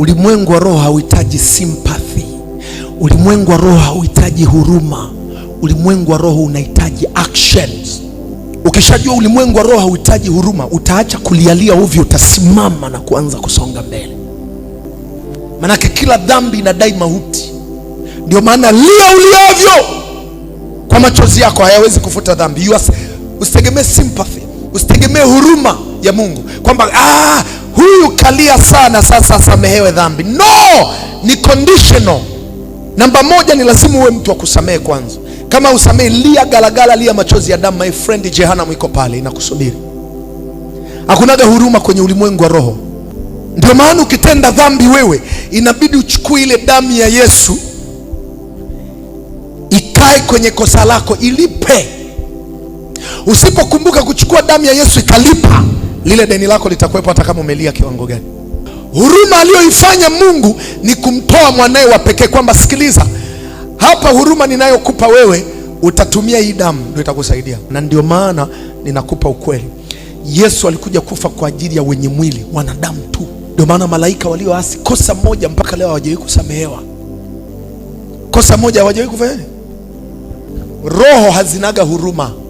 Ulimwengu wa roho hauhitaji sympathy. Ulimwengu wa roho hauhitaji huruma. Ulimwengu wa roho unahitaji actions. Ukishajua ulimwengu wa roho hauhitaji huruma, utaacha kulialia ovyo, utasimama na kuanza kusonga mbele, manake kila dhambi inadai mauti. Ndio maana lia uliavyo kwa machozi yako hayawezi kufuta dhambi. Usitegemee sympathy, usitegemee huruma ya Mungu kwamba ah huyu kalia sana sasa asamehewe dhambi. No, ni conditional. Namba moja ni lazima uwe mtu wa kusamehe kwanza. Kama usamehe, lia galagala, lia machozi ya damu, my friend, jehanamu iko pale inakusubiri. Hakunaga huruma kwenye ulimwengu wa roho. Ndio maana ukitenda dhambi wewe, inabidi uchukue ile damu ya Yesu ikae kwenye kosa lako, ilipe. Usipokumbuka kuchukua damu ya Yesu ikalipa lile deni lako litakuwepo hata kama umelia kiwango gani. Huruma aliyoifanya Mungu ni kumtoa mwanaye wa pekee, kwamba sikiliza, hapa huruma ninayokupa wewe utatumia hii damu ndio itakusaidia. Na ndio maana ninakupa ukweli, Yesu alikuja kufa kwa ajili ya wenye mwili, wanadamu tu. Ndio maana malaika walioasi kosa moja mpaka leo hawajawahi kusamehewa, kosa moja hawajawahi kufanya. Roho hazinaga huruma.